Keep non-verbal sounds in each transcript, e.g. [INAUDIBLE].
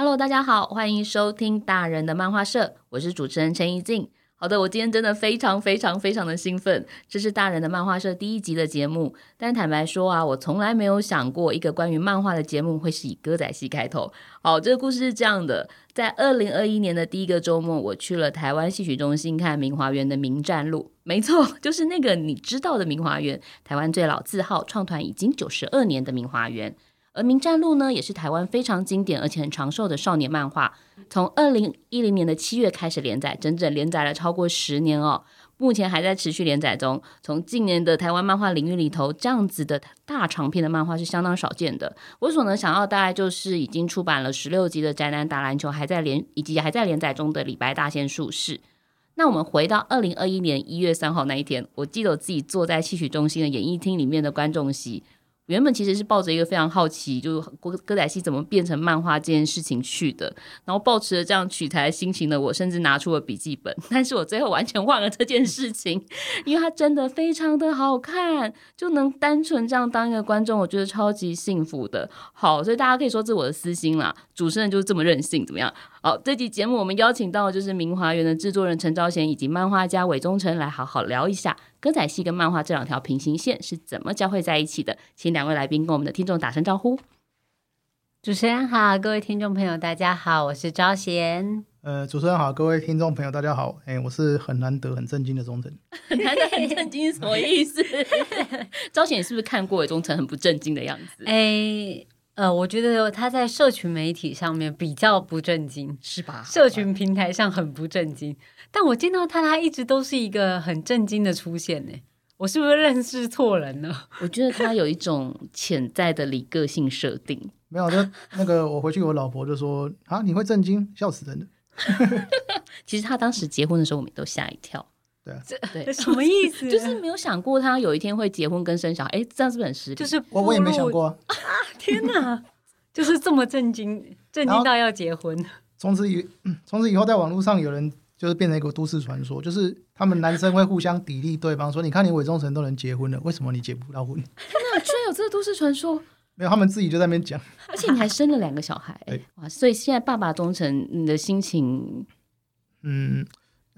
Hello，大家好，歡迎收聽《大人的漫畫社》，我是主持人陳怡靜。好的，我今天真的非常非常非常的興奮，這是《大人的漫畫社》第一集的節目。但坦白說啊，我從來沒有想過一個關於漫畫的節目會是以歌仔戲開頭。好，這個故事是這樣的，在二零二一年的第一個周末，我去了台灣戲曲中心看明華園的《冥戰錄》，沒錯，就是那個你知道的明華園，台灣最老字號、創團已經九十二年的明華園。而《冥戰錄》呢，也是台灣非常經典而且很長壽的少年漫畫，從二零一零年的七月開始連載，整整連載了超過十年哦，目前還在持續連載中。從近年的台灣漫畫領域裡頭，這樣子的大長篇的漫畫是相當少見的。我所能想到大概就是已經出版了十六集的《宅男打籃球》，還在連以及還在連載中的《李白大仙術士》。那我們回到二零二一年一月三號那一天，我記得我自己坐在戲曲中心的演藝廳裡面的觀眾席。原本其實是抱着一個非常好奇，就是歌仔戲怎麼變成漫畫這件事情去的，然後抱持着這樣取材心情的我，我甚至拿出了筆記本，但是我最後完全忘了這件事情， [LAUGHS] 因為它真的非常的好看，就能單純這樣當一個觀眾，我覺得超級幸福的。好，所以大家可以說這是我的私心啦，主持人就是這麼任性，怎麼樣？好，哦，這集節目我們邀請到的就是《明華園》的製作人陳昭賢，以及漫畫家韋宗成，來好好聊一下歌仔戲跟漫畫這兩條平行線是怎麼交匯在一起的。請兩位來賓跟我們的聽眾打聲招呼。主持人好，各位聽眾朋友大家好，我是昭賢。呃，主持人好，各位聽眾朋友大家好，哎，我是很難得、很正經的宗成。很 [LAUGHS] 難得、很正經什麼意思？昭 [LAUGHS] [LAUGHS] 賢，你是不是看過韋宗成很不正經的樣子？哎。呃，我覺得他在社群媒體上面比較不正經，是吧？社群平台上很不正經，是吧？但我見到他，他一直都是一個很正經的出現呢。我是不是認識錯人了？我覺得他有一種潛在的理個性設定。沒有，那個我回去，我老婆就說：“啊，你會震驚，笑死人了。”其實他當時結婚的時候，我們都嚇一跳。對什麼意思？就是沒有想過他有一天會結婚跟生小孩，哎、欸，這樣子很失禮，就是我也沒想過啊，啊！天哪， [LAUGHS] 就是這麼震驚，震驚到要結婚。從此以，從此以後，在網絡上有人就是變成一個都市傳說，就是他們男生會互相砥礪對方，說：“你看你韋宗成都能結婚了，為什麼你結不到婚？”天哪，居然有這個都市傳說！沒有，他們自己就在那邊講。而且你還生了兩個小孩、欸，對、欸、哇！所以現在爸爸宗成，你的心情，嗯。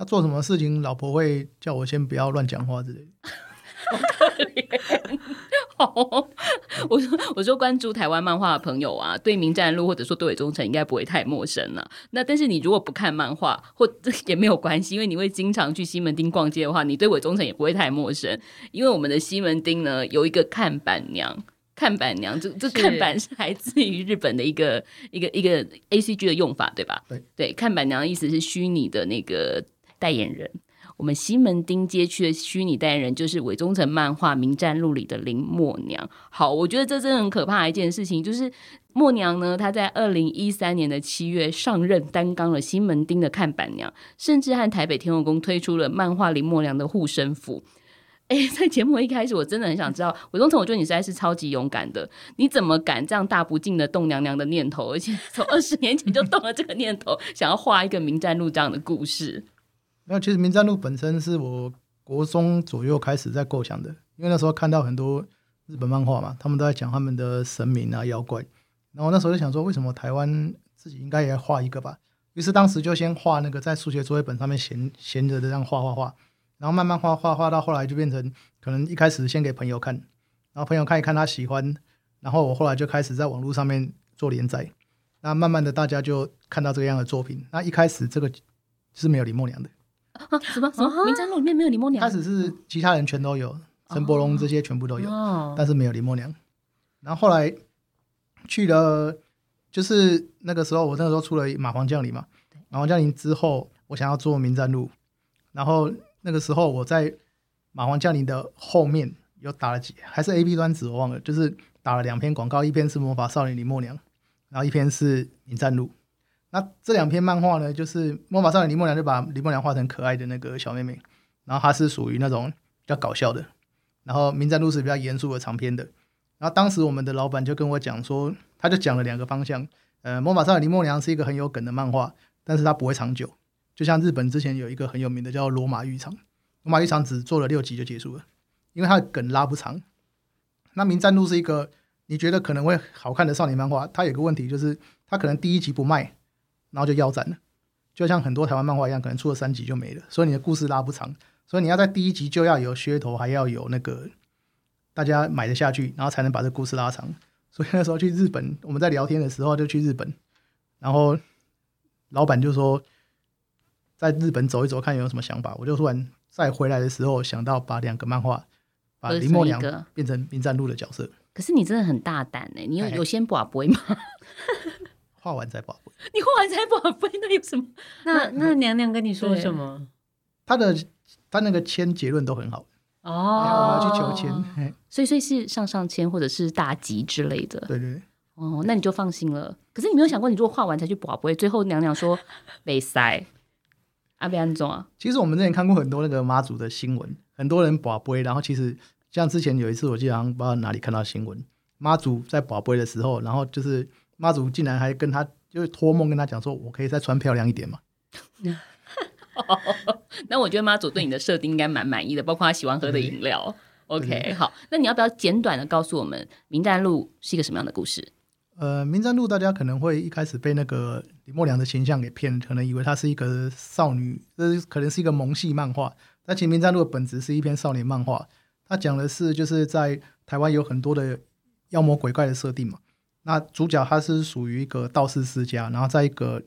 他、啊、做什麼事情，老婆會叫我先不要亂講話之類的。好。 [LAUGHS] [LAUGHS] 我說，我說關注台灣漫畫的朋友啊，對《冥戰錄》或者說對韋宗成應該不會太陌生了，啊。那但是你如果不看漫畫，或也沒有關係，因為你會經常去西門町逛街的話，你對韋宗成也不會太陌生。因為我們的西門町呢，有一個看板娘，看板娘，這這是看板是來自於日本的一個是一個一個 A C G 的用法，對吧？對，對，看板娘的意思是虛擬的那個。代言人，我們西門町街區的虛擬代言人就是韋宗成漫畫《冥戰錄》裡的林默娘。好，我覺得這真的很可怕的一件事情，就是默娘呢，她在二零一三年的七月上任，擔綱了西門町的看板娘，甚至和台北天後宮推出了漫畫《林默娘》的護身符。哎，在節目一開始，我真的很想知道韋宗成，我覺得你實在是超級勇敢的，你怎麼敢這樣大不敬的動娘娘的念頭？而且從二十年前就動了這個念頭， [LAUGHS] 想要畫一個冥戰錄這樣的故事。那其實《冥戰錄》本身是我國中左右開始在構想的，因為那時候看到很多日本漫畫嘛，他們都在講他們的神明啊、妖怪，然後那時候就想說，為什麼台灣自己應該也畫一個吧？於是當時就先畫那個在數學作業本上面閒閒着的這樣畫畫畫，然後慢慢畫畫畫到後來就變成可能一開始先給朋友看，然後朋友看一看他喜歡，然後我後來就開始在網絡上面做連載，那慢慢的大家就看到這個樣的作品。那一開始這個是沒有林默娘的。什麼、啊、什麼？什麼啊、哈冥戰錄裡面沒有林默娘。他只是其他人全都有，陳柏龍這些全部都有，啊、哈但是沒有林默娘。然後後來去了，就是那個時候我那個時候出了馬皇嘛，《馬皇降臨》嘛，《馬皇降臨》之後，我想要做《冥戰錄》，然後那個時候我在《馬皇降臨》的後面有打了幾，還是 A B 端子我忘了，就是打了兩篇廣告，一篇是魔法少年林默娘，然後一篇是冥戰錄。那這兩篇漫畫呢，就是《魔法少女林默娘》就把林默娘畫成可愛的那個小妹妹，然後她是屬於那種比較搞笑的，然後《冥戰錄》是比較嚴肅的長篇的。然後當時我們的老闆就跟我講說，他就講了兩個方向，呃，《魔法少女林默娘》是一個很有梗的漫畫，但是它不會長久，就像日本之前有一個很有名的叫《羅馬浴場》，《羅馬浴場》只做了六集就結束了，因為它的梗拉不長。那《冥戰錄》是一個你覺得可能會好看的少年漫畫，它有個問題就是它可能第一集不賣。然後就腰斬了，就像很多台灣漫畫一樣，可能出了三集就沒了，所以你的故事拉不長，所以你要在第一集就要有噱頭，還要有那個大家買得下去，然後才能把這故事拉長。所以那時候去日本，我們在聊天的時候就去日本，然後老板就說，在日本走一走，看有什麼想法。我就突然在回來的時候想到，把兩個漫畫，把林默娘變成《冥戰錄》的角色。可是你真的很大膽呢？你有有先博杯嗎？畫完再博杯，你畫完再博杯，那有什麼？那那娘娘跟你說什麼？嗯、她的她那個籤結論都很好。哦、欸，我要去求籤，欸、所以所以是上上籤或者是大吉之類的。對，對對。哦，那你就放心了。對可是你沒有想過，你如果畫完才去博杯，最後娘娘說被塞阿卑安總啊。其實我們之前看過很多那個媽祖的新聞，很多人博杯，然後其實像之前有一次，我記得好像不知道哪裡看到新聞，媽祖在博杯的時候，然後就是。媽祖竟然還跟他，就是托夢跟他講說：“我可以再穿漂亮一點嘛。 [LAUGHS] 哦”那我覺得媽祖對你的設定應該蠻滿意的， [LAUGHS] 包括他喜歡喝的飲料。OK，好，那你要不要簡短的告訴我們《冥戰錄》是一個什麼樣的故事？呃，《冥戰錄》大家可能會一開始被那個林默娘的形象給騙，可能以為他是一個少女，這可能是一個萌系漫畫。但其實《冥戰錄》的本質是一篇少年漫畫，它講的是就是在台灣有很多的妖魔鬼怪的設定嘛。那主角他是屬於一個道士世家，然後在一個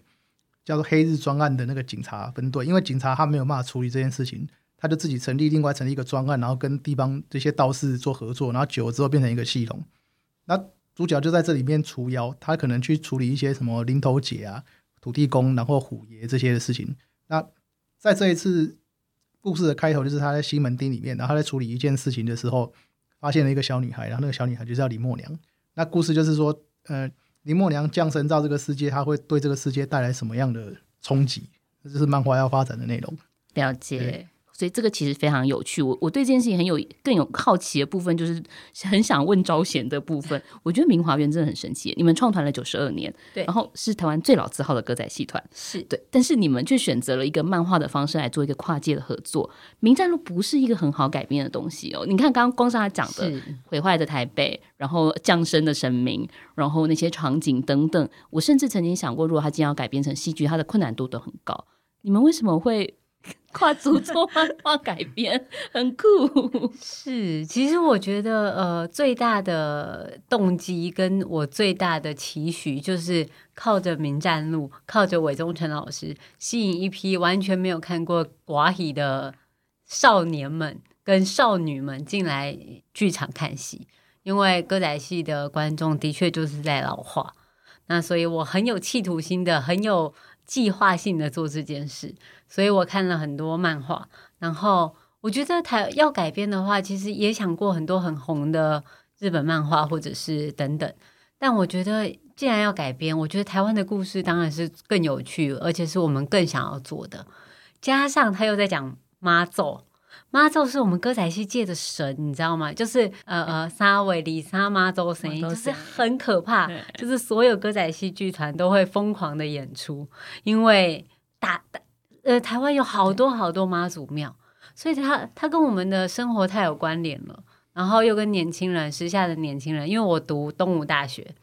叫做“黑日專案”的那個警察分隊，因為警察他沒有辦法處理這件事情，他就自己成立另外成立一個專案，然後跟地方這些道士做合作，然後久了之後變成一個系統。那主角就在這裡面除妖，他可能去處理一些什麼林投姐啊、土地公，然後虎爺這些的事情。那在這一次故事的開頭，就是他在西門町裡面，然後他在處理一件事情的時候，發現了一個小女孩，然後那個小女孩就是叫林默娘。那故事就是說，呃，林默娘降生到這個世界，她會對這個世界帶來什麼樣的衝擊？這就是漫畫要發展的內容。了解。所以這個其實非常有趣，我我對這件事情很有更有好奇的部分，就是很想問昭賢的部分。是我覺得明華園真的很神奇，你們創團了九十二年，對然後是台灣最老字號的歌仔戲團，是對，但是你們卻選擇了一個漫畫的方式來做一個跨界的合作。冥戰錄不是一個很好改編的東西哦，你看剛剛光是他講的是毀壞的台北，然後降生的神明，然後那些場景等等，我甚至曾經想過，如果他今天要改編成戲劇，它的困難度都很高。你們為什麼會？ [LAUGHS] 跨足做漫畫改編，很酷。是，其實我覺得，呃，最大的動機跟我最大的期許，就是靠着冥戰錄，靠着韋宗成老師，吸引一批完全沒有看過歌仔戲的少年們跟少女們進來劇場看戲。因為歌仔戲的觀眾的確就是在老化，那所以我很有企圖心的，很有。計劃性的做這件事，所以我看了很多漫畫，然後我覺得台要改編的話，其實也想過很多很紅的日本漫畫，或者是等等。但我覺得既然要改編，我覺得台灣的故事當然是更有趣，而且是我們更想要做的。加上他又在講媽祖。媽祖是我們歌仔戲界的神，你知道嗎？就是呃呃，沙維李沙媽祖的聲音，就是很可怕，欸、就是所有歌仔戲劇團都會瘋狂的演出，因為打、呃、台呃台灣有好多好多媽祖廟，對所以他他跟我們的生活太有關聯了，然後又跟年輕人時下的年輕人，因為我讀東吳大學，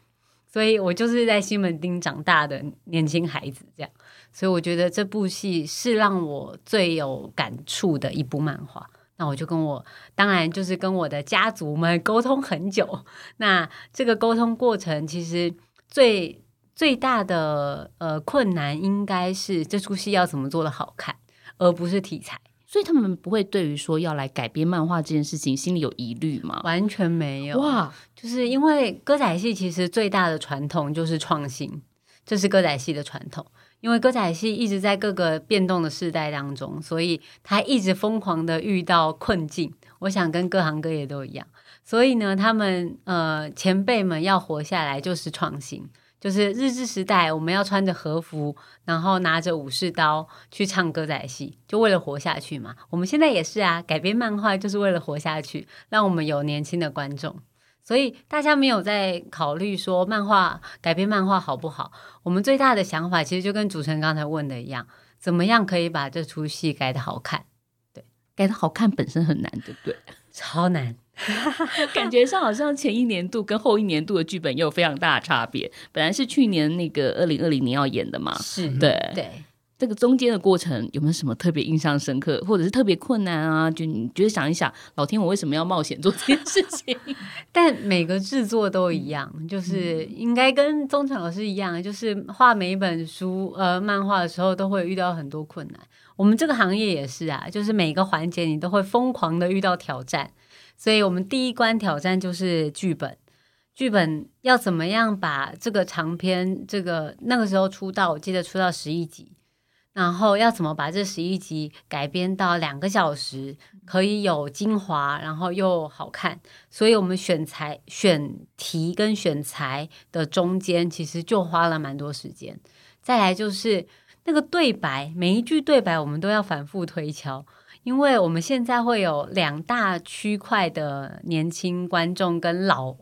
所以我就是在西門町長大的年輕孩子這樣。所以我覺得這部戲是讓我最有感觸的一部漫畫。那我就跟我當然就是跟我的家族們溝通很久。那這個溝通過程，其實最最大的呃困難應該是這出戲要怎麼做的好看，而不是題材。所以他們不會對於說要來改編漫畫這件事情心裡有疑慮嗎？完全沒有哇！就是因為歌仔戲其實最大的傳統就是創新，這、就是歌仔戲的傳統。因為歌仔戲一直在各個變動的世代當中，所以他一直瘋狂的遇到困境。我想跟各行各業都一樣，所以呢，他們呃前輩們要活下來就是創新，就是日治時代我們要穿着和服，然後拿着武士刀去唱歌仔戲，就為了活下去嘛。我們現在也是啊，改編漫畫就是為了活下去，讓我們有年輕的觀眾。所以大家沒有在考慮說漫畫改編漫畫好不好？我們最大的想法其實就跟主持人剛才問的一樣，怎麼樣可以把這出戲改得好看？對，改得好看本身很難，對不對？ [LAUGHS] 超難。 [LAUGHS] 感覺上好像前一年度跟後一年度的劇本又有非常大的差別。本來是去年那個二零二零年要演的嘛，是對對。對這個中間的過程有沒有什麼特別印象深刻，或者是特別困難啊？就你覺得想一想，老天，我為什麼要冒險做這件事情？ [LAUGHS] 但每個製作都一樣，就是應該跟宗成老師一樣，嗯、就是畫每一本書呃漫畫的時候都會遇到很多困難。我們這個行業也是啊，就是每個環節你都會瘋狂的遇到挑戰。所以我們第一關挑戰就是劇本，劇本要怎麼樣把這個長篇這個那個時候出到，我記得出到十一集。然後要怎麼把這十一集改編到兩個小時，可以有精華，然後又好看？所以我們選材、選題跟選材的中間，其實就花了蠻多時間。再來就是那個對白，每一句對白我們都要反覆推敲，因為我們現在會有兩大區塊的年輕觀眾跟老，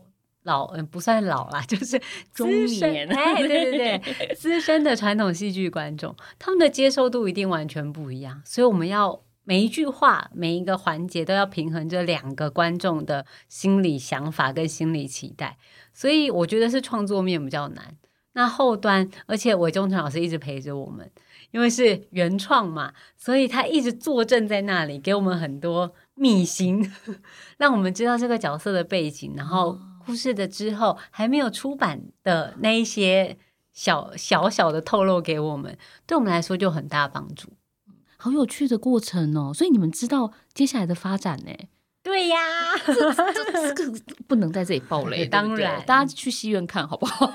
老，嗯，不算老啦，就是中年哎，對對對， [LAUGHS] 資深的傳統戲劇觀眾，他們的接受度一定完全不一樣，所以我們要每一句話、每一個環節都要平衡這兩個觀眾的心理想法跟心理期待，所以我覺得是創作面比較難。那後端，而且韋宗成老師一直陪着我們，因為是原創嘛，所以他一直坐鎮在那裡，給我們很多秘辛， [LAUGHS] 讓我們知道這個角色的背景，然後、嗯。故事的之後還沒有出版的那一些小小小的透露給我們，對我們來說就很大幫助。好有趣的過程哦、喔！所以你們知道接下來的發展呢、欸？對呀、啊， [LAUGHS] 這這個不能在這裡爆雷， [LAUGHS] 欸、當然大家去戲院看好不好？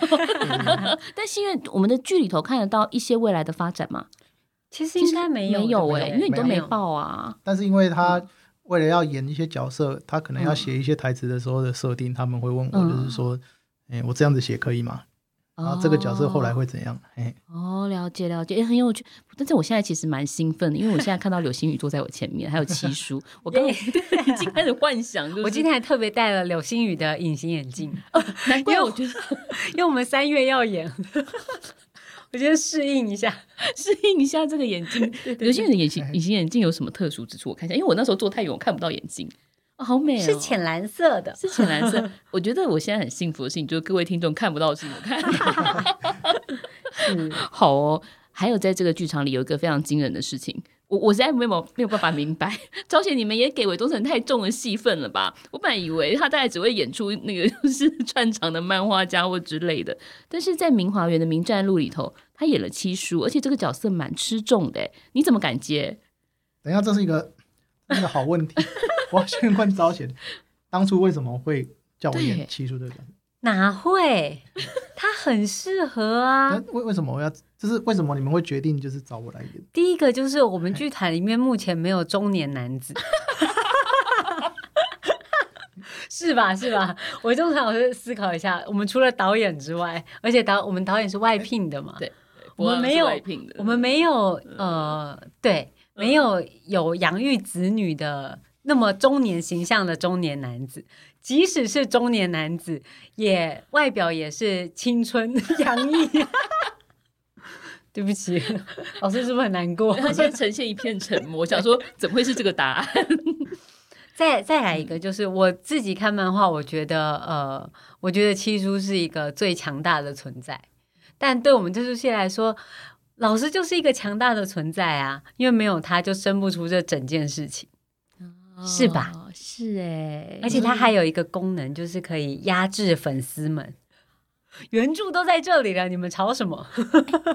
但戲院我們的劇裡頭看得到一些未來的發展嗎？其實應該沒有、欸，沒有哎、欸，因為你都沒爆啊。但是因為他……為了要演一些角色，他可能要寫一些台詞的時候的設定，嗯、他們會問我，就是說、嗯欸，我這樣子寫可以嗎？然後這個角色後來會怎樣？哎、哦，欸、哦，了解了解，哎、欸，很有趣。但是我現在其實蠻興奮的，因為我現在看到柳星宇坐在我前面， [LAUGHS] 還有七叔，我剛剛 Yeah, [LAUGHS] 已經開始幻想。就是、我今天還特別戴了柳星宇的隱形眼鏡、哦，難怪我覺得，因為我們三月要演。我先適應一下，適應一下這個眼鏡。劉先生的眼鏡隱形眼鏡有什麼特殊之處？我看一下，因為我那時候坐太遠，我看不到眼鏡。哦，好美，哦，是淺藍色的，是淺藍色。 [LAUGHS] 我覺得我現在很幸福的是，就是各位聽眾看不到，是我看。好哦。還有，在這個劇場裡有一個非常驚人的事情，我，我實在沒有沒有辦法明白。朝鮮，你們也給韋宗成太重的戲份了吧？我本來以為他大概只會演出那個是串場的漫畫家或之類的，但是在明華園的冥戰錄裡頭。他演了七叔，而且這個角色蠻吃重的。哎，你怎麼敢接？等一下，這是一個一、那個好問題。 [LAUGHS] 我要先問昭賢，當初為什麼會叫我演七叔這個角色？ [LAUGHS] 哪會？他很適合啊。為為什麼我要？就是為什麼你們會決定就是找我來演？第一個就是我們劇團裡面目前沒有中年男子， [LAUGHS] [LAUGHS] 是吧？是吧？我中場，思考一下，我們除了導演之外，而且導我們導演是外聘的嘛。欸、對。我們沒有，對我們沒有，呃，對，沒有有養育子女的那麼中年形象的中年男子，即使是中年男子，也外表也是青春洋溢。 [LAUGHS] [LAUGHS] 對不起，老師是不是很難過？他先呈現一片沉默， [LAUGHS] 我想說怎麼會是這個答案？ [LAUGHS] 再再來一個，嗯、就是我自己看漫畫，我覺得，呃，我覺得七叔是一個最強大的存在。但對我們這出戲來說，老師就是一個強大的存在啊！因為沒有他，就生不出這整件事情，哦、是吧？是哎、欸，而且他還有一個功能，嗯、就是可以壓制粉絲們。原著都在這裡了，你們吵什麼？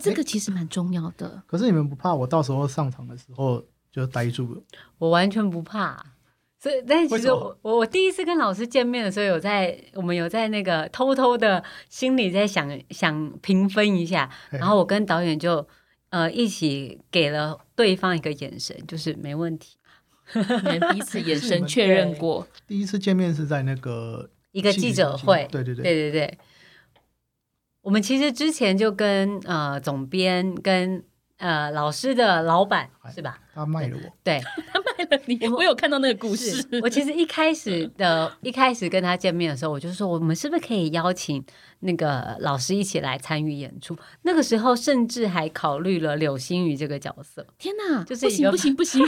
這個其實蠻重要的。可是你們不怕我到時候上場的時候就呆住了？我完全不怕。所以，但是其實我我我第一次跟老師見面的時候，有在我們有在那個偷偷的心裡在想想，評分一下，嘿然後我跟導演就呃一起給了對方一個眼神，就是沒問題， [LAUGHS] 我們彼此眼神確認過。第一次見面是在那個一個記者會，對對對對，對對對，我們其實之前就跟呃總編跟。呃，老師的老闆是吧？他賣了我。對，他賣了你。我，我有看到那個故事。我其實一開始的， [LAUGHS] 一開始跟他見面的時候，我就說，我們是不是可以邀請那個老師一起來參與演出？那個時候，甚至還考慮了柳星宇這個角色。天哪，就是不行，不行，不行！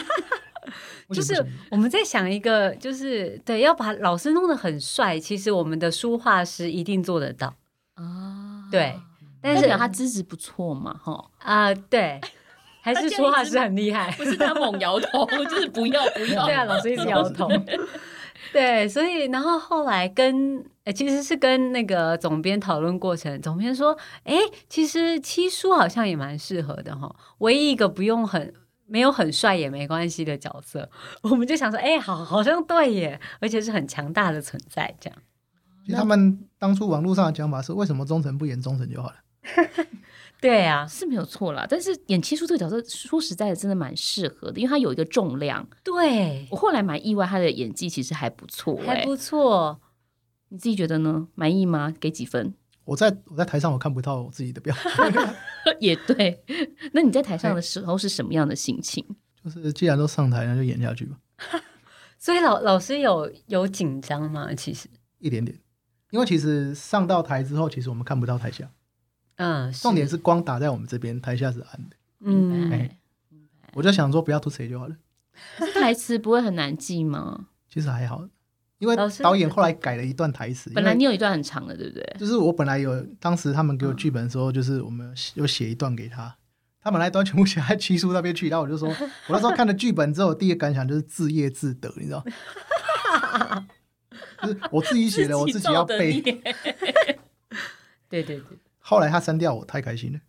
[LAUGHS] 就是我們在想一個，就是對，要把老師弄得很帥。其實我們的書畫師一定做得到。哦。對。但是他資質不錯嘛，哈啊對，他還是說話是很厲害，不是他猛搖頭， [LAUGHS] 就是不要不要，對啊， [LAUGHS] 老師一直搖頭， [LAUGHS] 對，所以然後後來跟呃、欸、其實是跟那個總編討論過程，總編說，哎、欸，其實七叔好像也蠻適合的哈，唯一一個不用很沒有很帥也沒關係的角色，我們就想說，哎、欸，好好像對耶，而且是很強大的存在這樣。其實他們當初網絡上的講法是，為什麼宗成不演宗成就好了？ [LAUGHS] 對啊，是沒有錯啦。但是演七叔這個角色，說實在的，真的蠻適合的，因為他有一個重量。對。我後來蠻意外，他的演技其實還不錯、欸，還不錯。你自己覺得呢？滿意嗎？給幾分？我在我在台上，我看不到我自己的表情。 [LAUGHS] [LAUGHS] 也對。那你在台上的時候是什麼樣的心情？哎、就是既然都上台，那就演下去吧。 [LAUGHS] 所以老老師有有緊張嗎？其實一點點，因為其實上到台之後，其實我們看不到台下。嗯，呃、重點是光打在我們這邊，台下是暗的。嗯，欸、嗯我就想說不要吐詞就好了。可是台詞不會很難記嗎？ [LAUGHS] 其實還好，因為導演後來改了一段台詞。師因為 本來你有一段很長的，對不對？就是我本來有，當時他們給我劇本的時候，嗯、就是我們有寫一段給他。他本來一段全部寫在七叔那邊去，然後我就說，我那時候看了劇本之後，第一個感想就是自業自得，你知道？哈 [LAUGHS] [LAUGHS] 就是我自己寫的，我自己要背。 [LAUGHS] 對對對。後來他刪掉我，太開心了。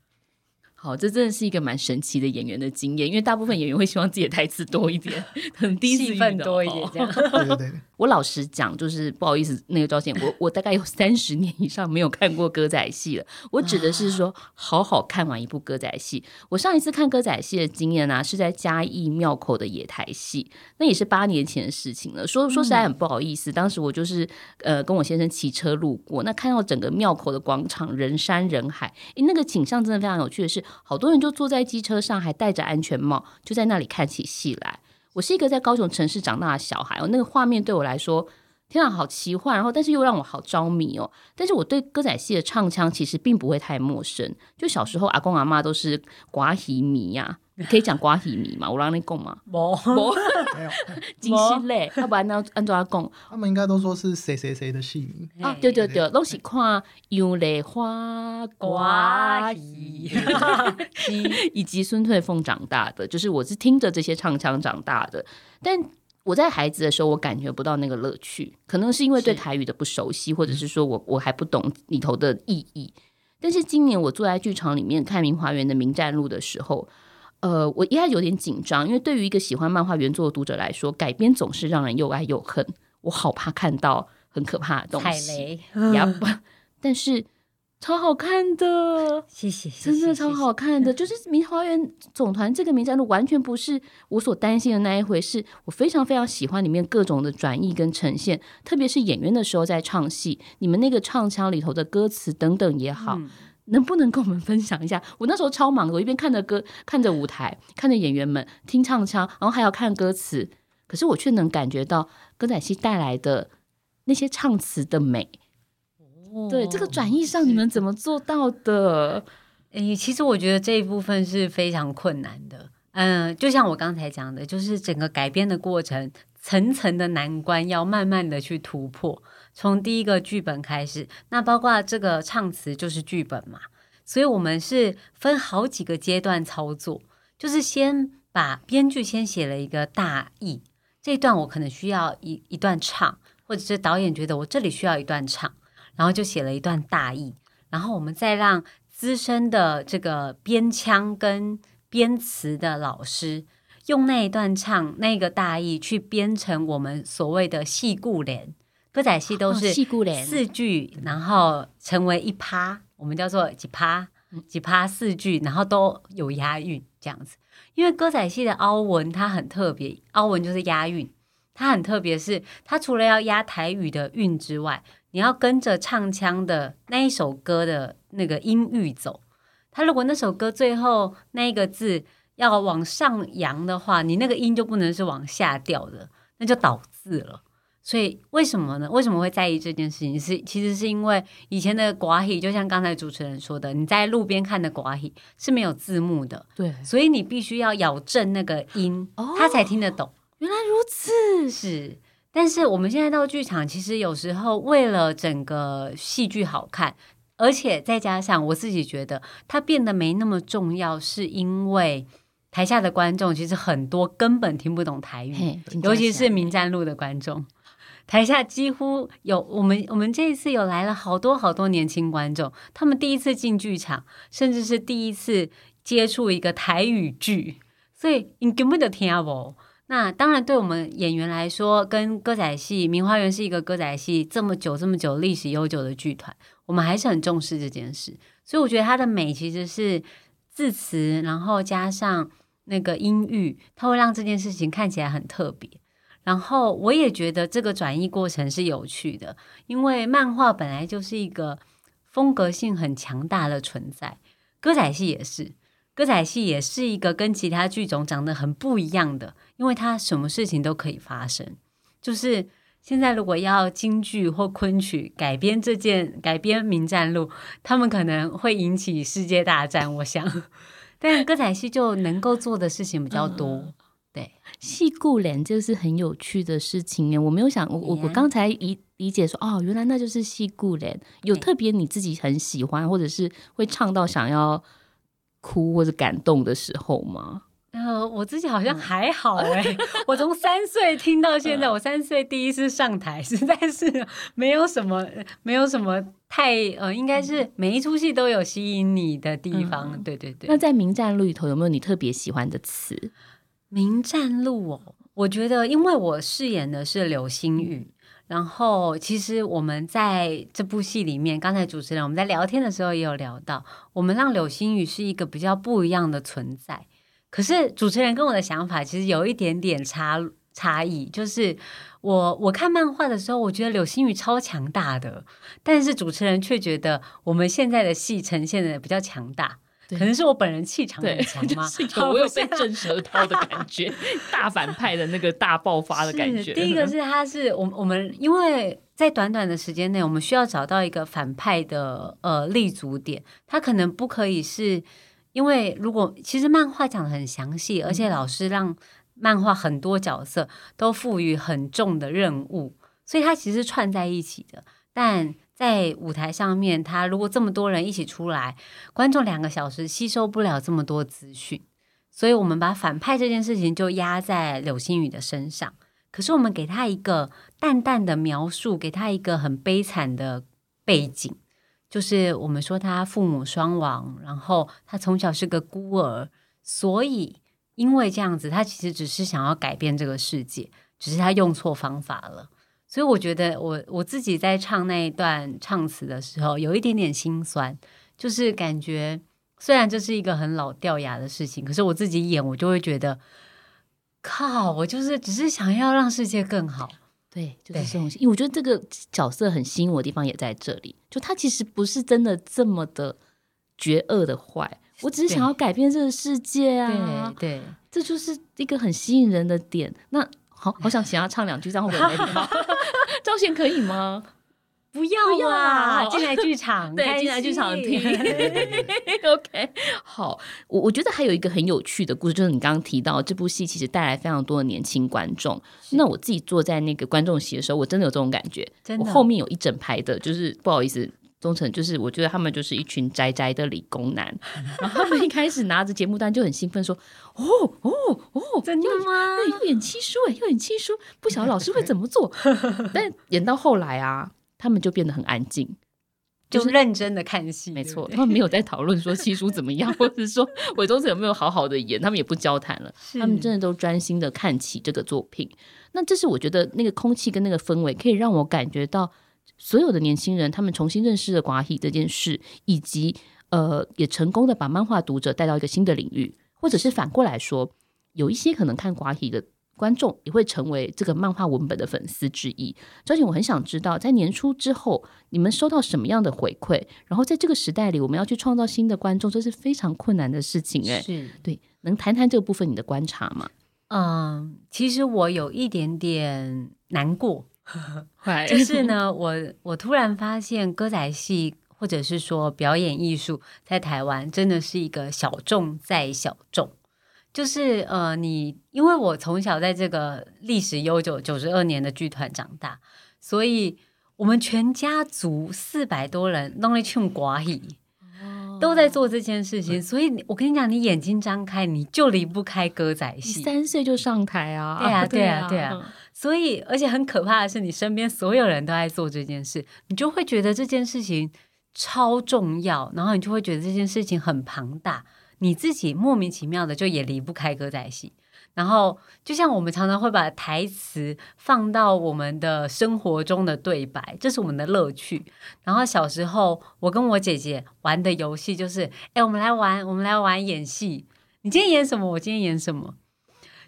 好，這真的是一個蠻神奇的演員的經驗，因為大部分演員會希望自己的台詞多一點，很 [LAUGHS] 戲份多一點這樣。 [LAUGHS] 對對對，我老實講，就是不好意思，那個昭賢，我我大概有三十年以上沒有看過歌仔戲了。 [LAUGHS] 我指的是說，好好看完一部歌仔戲。我上一次看歌仔戲的經驗呢、啊，是在嘉義廟口的野台戲，那也是八年前的事情了。說說實在很不好意思，當時我就是呃跟我先生騎車路過，那看到整個廟口的廣場人山人海，那個景象真的非常有趣的是。好多人就坐在機車上，還戴着安全帽，就在那裡看起戲來。我是一個在高雄城市長大的小孩哦，那個畫面對我來說，天啊，好奇幻！然後，但是又讓我好着迷哦。但是我對歌仔戲的唱腔其實並不會太陌生，就小時候阿公阿媽都是歌仔戲迷呀、啊。你可以講瓜皮名嘛？我讓你供嘛？沒沒沒有，金星類，要不然那按照他供。他們應該都說是誰誰誰的戲名？啊啊、對對對，對對對對都是看有類花瓜皮，以及孫翠鳳長大的，就是我是聽着這些唱腔長大的。但我在孩子的時候，我感覺不到那個樂趣，可能是因為對台語的不熟悉，或者是說我我還不懂裡頭的意義。嗯、但是今年我坐在劇場裡面看明華園的《冥戰錄》的時候。呃，我一開始有點緊張，因為對於一個喜歡漫畫原作的讀者來說，改編總是讓人又愛又恨。我好怕看到很可怕的東西，不？但是超好看的，謝謝，謝謝真的超好看的。謝謝謝謝就是《明華園總團》這個冥戰錄完全不是我所擔心的那一回事。我非常非常喜歡裡面各種的轉譯跟呈現，特別是演員的時候在唱戲，你們那個唱腔裡頭的歌詞等等也好。嗯能不能跟我們分享一下？我那時候超忙的，我一邊看着歌，看着舞台，看着演員們聽唱腔，然後還要看歌詞，可是我卻能感覺到歌仔戲帶來的那些唱詞的美。哦、對，這個轉譯上你們怎麼做到的？誒，其實我覺得這一部分是非常困難的。嗯、呃，就像我剛才講的，就是整個改編的過程，層層的難關要慢慢的去突破。從第一個劇本開始，那包括這個唱詞就是劇本嘛，所以我們是分好幾個階段操作，就是先把編劇先寫了一個大意，這段我可能需要一一段唱，或者是導演覺得我這裡需要一段唱，然後就寫了一段大意，然後我們再讓資深的這個編腔跟編詞的老師用那一段唱那個大意去編成我們所謂的四句聯。歌仔戲都是四句，然後成為一趴，我們叫做幾趴，幾趴四句，然後都有押韻這樣子。因為歌仔戲的凹文它很特別，凹文就是押韻，它很特別，是它除了要押台語的韻之外，你要跟着唱腔的那一首歌的那個音域走。它如果那首歌最後那個字要往上揚的話，你那個音就不能是往下掉的，那就倒字了。所以為什麼呢？為什麼會在意這件事情？是其實是因為以前的歌仔戲，就像剛才主持人說的，你在路邊看的歌仔戲是沒有字幕的，對，所以你必須要咬正那個音，哦，他才聽得懂。原來如此，是。但是我們現在到劇場，其實有時候為了整個戲劇好看，而且再加上我自己覺得它變得沒那麼重要，是因為台下的觀眾其實很多根本聽不懂台語，對尤其是冥戰錄的觀眾。台下幾乎有我們，我們這一次有來了好多好多年輕觀眾，他們第一次進劇場，甚至是第一次接觸一個台語劇，所以你根本就聽不懂。那當然，對我們演員來說，跟歌仔戲、明華園是一個歌仔戲這麼久這麼久歷史悠久的劇團，我們還是很重視這件事。所以我覺得它的美其實是字詞，然後加上那個音域，它會讓這件事情看起來很特別。然後我也覺得這個轉移過程是有趣的，因為漫畫本來就是一個風格性很強大的存在，歌仔戲也是，歌仔戲也是一個跟其他劇種長得很不一樣的，因為它什麼事情都可以發生。就是現在如果要京劇或昆曲改編這件改編《冥戰錄》，他們可能會引起世界大戰， [LAUGHS] 我想。但歌仔戲就能夠做的事情比較多。 [LAUGHS] 嗯對，戲顧臉就是很有趣的事情哎，嗯、我沒有想，我我我剛才理理解說哦，原來那就是戲顧臉，有特別你自己很喜歡，嗯、或者是會唱到想要哭或者感動的時候嗎？呃，我自己好像還好哎、欸，嗯、 [LAUGHS] 我從三歲聽到現在，我三歲第一次上台，嗯、實在是沒有什麼，沒有什麼太呃，應該是每一出戲都有吸引你的地方，嗯、對對對。那在冥戰錄裡頭，有沒有你特別喜歡的詞？冥戰錄哦，我覺得，因為我飾演的是柳星宇，然後其實我們在這部戲裡面，剛才主持人我們在聊天的時候也有聊到，我們讓柳星宇是一個比較不一樣的存在。可是主持人跟我的想法其實有一點點差差異，就是我我看漫畫的時候，我覺得柳星宇超強大的，但是主持人卻覺得我們現在的戲呈現的比較強大。可能是我本人氣場很強嗎？氣場，就是、我有被震懾到的感覺， [LAUGHS] 大反派的那個大爆發的感覺。 [LAUGHS] 第一個是他是我們我們因為在短短的時間內，我們需要找到一個反派的呃立足點，他可能不可以是因為如果其實漫畫講得很詳細，而且老師讓漫畫很多角色都賦予很重的任務，所以它其實串在一起的，但。在舞台上面，他如果這麼多人一起出來，觀眾兩個小時吸收不了這麼多資訊，所以我們把反派這件事情就壓在柳星宇的身上。可是我們給他一個淡淡的描述，給他一個很悲慘的背景，就是我們說他父母雙亡，然後他從小是個孤兒，所以因為這樣子，他其實只是想要改變這個世界，只是他用錯方法了。所以我覺得我，我我自己在唱那一段唱詞的時候，有一點點心酸，就是感覺雖然這是一個很老掉牙的事情，可是我自己演我就會覺得，靠，我就是只是想要讓世界更好，對，對就是這種心。因為我覺得這個角色很吸引我的地方也在這裡，就他其實不是真的這麼的絕惡的壞，我只是想要改變這個世界啊，對，對對這就是一個很吸引人的點。那。好好想想要唱兩句，這樣會不會昭賢 [LAUGHS] 可以嗎？不要啊！進、oh, 來劇場，對，進心來劇場聽。OK，好。我我覺得還有一個很有趣的故事，就是你剛剛提到這部戲其實帶來非常多的年輕觀眾。是那我自己坐在那個觀眾席的時候，我真的有這種感覺。真的，後面有一整排的，就是不好意思。宗成就是，我覺得他們就是一群宅宅的理工男。 [LAUGHS] 然後他們一開始拿着節目單就很興奮，說：“哦哦哦，哦真的嗎？又演七叔哎，欸，又演七叔，不曉得老師會怎麼做。” [LAUGHS] 但演到後來啊，他們就變得很安靜， [LAUGHS] 就是就認真的看戲。沒錯，他們沒有在討論說七叔怎麼樣， [LAUGHS] 或者說韋宗成有沒有好好的演，他們也不交談了。是他們真的都專心的看戲這個作品。那這是我覺得那個空氣跟那個氛圍，可以讓我感覺到。所有的年輕人，他們重新認識了歌仔戲這件事，以及呃，也成功的把漫畫讀者帶到一個新的領域，或者是反過來說，是有一些可能看歌仔戲的觀眾也會成為這個漫畫文本的粉絲之一。昭賢，我很想知道，在年初之後，你們收到什麼樣的回饋？然後，在這個時代裡，我們要去創造新的觀眾，這是非常困難的事情欸。誒，是，對，能談談這個部分你的觀察嗎？嗯，其實我有一點點難過。 [LAUGHS] 就是呢， [LAUGHS] 我我突然發現，歌仔戲或者是說表演藝術，在台灣真的是一個小眾再小眾。就是呃，你因為我從小在這個歷史悠久九十二年的劇團長大，所以我們全家族四百多人攏在唱歌仔戲，都在做這件事情，嗯。所以我跟你講，你眼睛張開，你就離不開歌仔戲。你三歲就上台啊，啊？對啊，對啊，對啊。所以，而且很可怕的是，你身邊所有人都在做這件事，你就會覺得這件事情超重要，然後你就會覺得這件事情很龐大，你自己莫名其妙的就也離不開歌仔戲。然後，就像我們常常會把台詞放到我們的生活中的對白，這是我們的樂趣。然後小時候，我跟我姐姐玩的遊戲就是：哎，我們來玩，我們來玩演戲。你今天演什麼？我今天演什麼？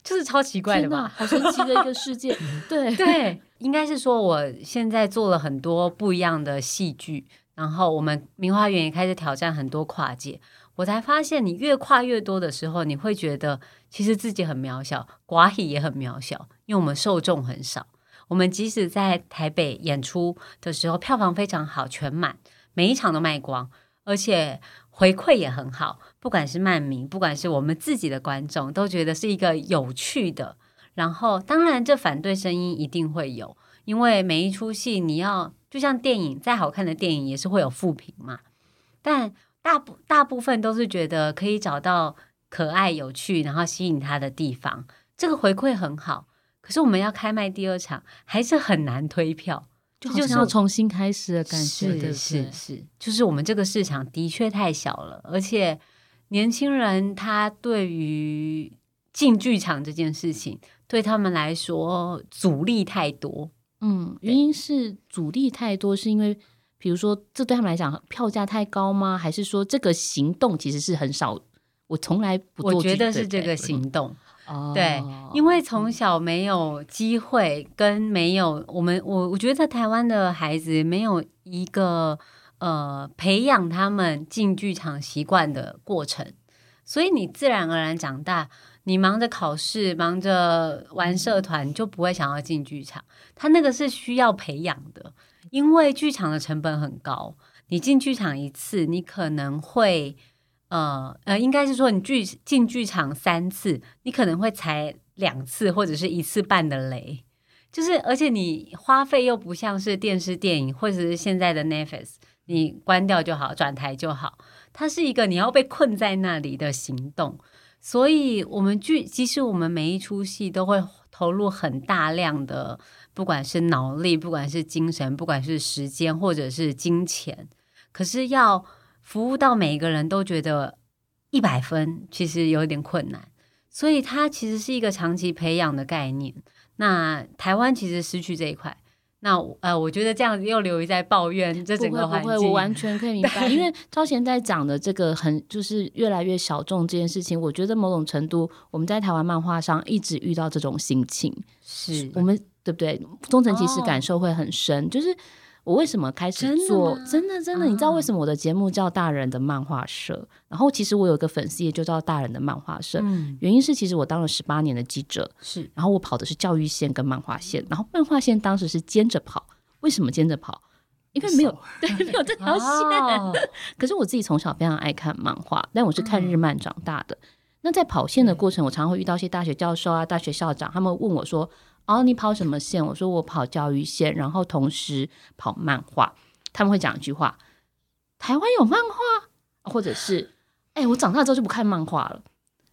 就是超奇怪的吧，好神奇的一個世界。 [LAUGHS] 對 [LAUGHS] 對，應該是說我現在做了很多不一樣的戲劇，然後我們明華園也開始挑戰很多跨界。我才發現，你越跨越多的時候，你會覺得其實自己很渺小，歌仔戲也很渺小，因為我們受眾很少。我們即使在台北演出的時候，票房非常好，全滿，每一場都賣光，而且回饋也很好。不管是漫迷，不管是我們自己的觀眾，都覺得是一個有趣的。然後，當然，這反對聲音一定會有，因為每一齣戲你要就像電影，再好看的電影也是會有負評嘛。但大部大部分都是覺得可以找到可愛、有趣，然後吸引他的地方，這個回饋很好。可是我們要開賣第二場，還是很難推票，就是要重新開始的感覺。是的是，是，是，就是我們這個市場的確太小了，而且年輕人他對於進劇場這件事情，對他們來說阻力太多。嗯，對原因是阻力太多，是因為。比如說，這對他們來講票價太高嗎？還是說這個行動其實是很少？我從來不做我覺得是這個行動，對，因為從小沒有機會、嗯、跟沒有我們我我覺得在台灣的孩子沒有一個呃培養他們進劇場習慣的過程，所以你自然而然長大，你忙着考試，忙着玩社團，就不會想要進劇場。他那個是需要培養的。因為劇場的成本很高，你進劇場一次，你可能會，呃呃，應該是說你劇進劇場三次，你可能會踩兩次或者是一次半的雷，就是而且你花費又不像是電視電影或者是現在的 Netflix，你關掉就好，轉台就好，它是一個你要被困在那裡的行動，所以我們劇其實我們每一出戲都會投入很大量的。不管是腦力，不管是精神，不管是時間，或者是金錢，可是要服務到每一個人都覺得一百分，其實有點困難。所以它其實是一個長期培養的概念。那台灣其實失去這一塊，那呃，我覺得這樣子又流於在抱怨。這整個環境，不會不會，我完全可以明白。 [LAUGHS] 對因為昭賢在講的這個很就是越來越小眾這件事情，我覺得某種程度我們在台灣漫畫上一直遇到這種心情。是我們對不對？宗成其實感受會很深。就是我為什麼開始做，真的真的，你知道為什麼我的節目叫《大人的漫畫社》？然後其實我有個粉絲頁就叫《大人的漫畫社》。原因是其實我當了十八年的記者，是，然後我跑的是教育線跟漫畫線，然後漫畫線當時是兼着跑。為什麼兼着跑？因為沒有，對，沒有這條線。可是我自己從小非常愛看漫畫，但我是看日漫長大的。那在跑線的過程，我常常會遇到一些大學教授啊、大學校長，他們問我說：“哦，你跑什麼線？”我說：“我跑教育線，然後同時跑漫畫。”他們會講一句話：“台灣有漫畫？”或者是：“哎、欸，我長大之後就不看漫畫了。”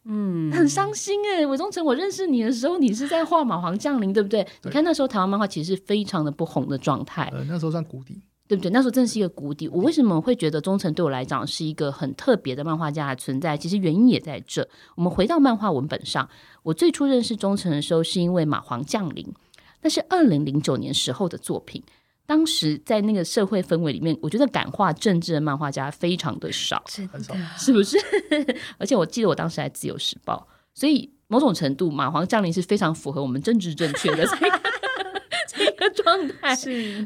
嗯，很傷心哎、欸。韋宗成，我認識你的時候，你是在畫《馬皇降臨》，對不對？對，你看那時候台灣漫畫其實是非常的不紅的狀態、呃，那時候算谷底。對不對？那時候真的是一個谷底。我為什麼會覺得宗成對我來講是一個很特別的漫畫家的存在？其實原因也在這。我們回到漫畫文本上，我最初認識宗成的時候，是因為《馬皇降臨》，那是二零零九年時候的作品。當時在那個社會氛圍裡面，我覺得敢畫政治的漫畫家非常的少，很少的是不是？ [LAUGHS] 而且我記得我當時還自由時報，所以某種程度，《馬皇降臨》是非常符合我們政治正確的。 [LAUGHS] 狀態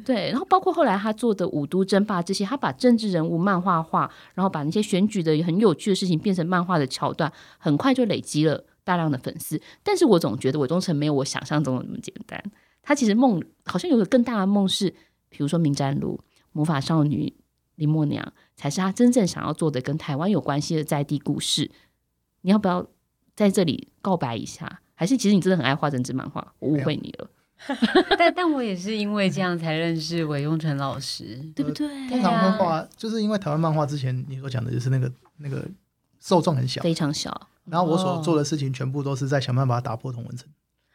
對，然後包括後來他做的《五都爭霸》這些，他把政治人物漫畫化，然後把那些選舉的很有趣的事情變成漫畫的橋段，很快就累積了大量的粉絲。但是我總覺得韋宗成沒有我想象中的那麼簡單，他其實夢好像有個更大的夢是，比如說《冥戰錄》、《魔法少女、林默娘》，才是他真正想要做的跟台灣有關係的在地故事。你要不要在這裡告白一下？還是其實你真的很愛畫政治漫畫，我誤會你了。哎 [LAUGHS] 但但我也是因為這樣才認識韋宗成老師， [LAUGHS] 對不對？呃、通常漫畫就是因為台灣漫畫之前你所講的就是那個那個受眾很小，非常小。然後我所做的事情全部都是在想辦法打破同溫層。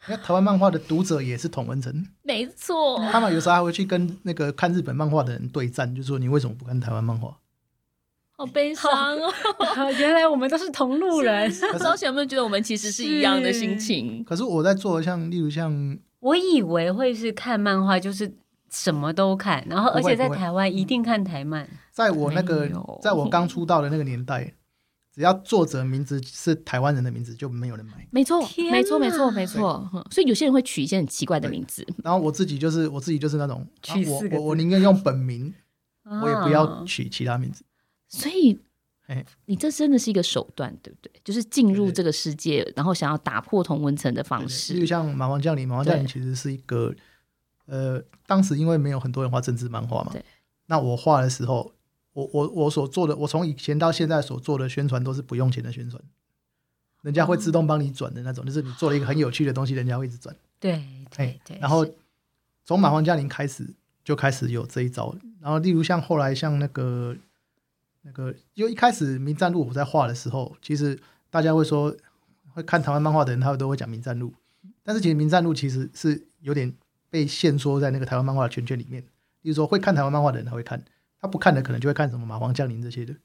那、哦、台灣漫畫的讀者也是同溫層， [LAUGHS] 沒錯錯。他們有時候還會去跟那個看日本漫畫的人對戰，就說你為什麼不看台灣漫畫？好悲傷哦！ [LAUGHS] [LAUGHS] 原來我們都是同路人。不知道你有沒有覺得我們其實是一樣的心情？可是我在做像，像例如像。我以為會是看漫畫，就是什麼都看，然後而且在台灣一定看台漫。在我那個，有在我剛出道的那個年代，只要作者名字是台灣人的名字，就沒有人買。沒錯，哪沒錯，沒錯，沒錯對，沒錯。所以有些人會取一些很奇怪的名字，然後我自己就是我自己就是那種，我我我寧願用本名，啊、我也不要取其他名字。所以。你這真的是一個手段，對不對？就是進入這個世界，對對，然後想要打破同溫層的方式。例如像馬《馬皇降臨》，《馬皇降臨》其實是一個，對呃，當時因為沒有很多人畫政治漫畫嘛。對。那我畫的時候，我我我所做的，我從以前到現在所做的宣傳都是不用錢的宣傳，人家會自動幫你轉的那種。嗯、就是你做了一個很有趣的東西，人家會一直轉。對對對。對對，然後是從《馬皇降臨》開始就開始有這一招，然後例如像後來像那個。那個，因為一開始《冥戰錄》我在畫的時候，其實大家會說會看台灣漫畫的人，他都會講《冥戰錄》，但是其實《冥戰錄》其實是有點被限縮在那個台灣漫畫的圈圈裡面，例如說會看台灣漫畫的人他會看，他不看的可能就會看什麼《馬皇降臨》這些的。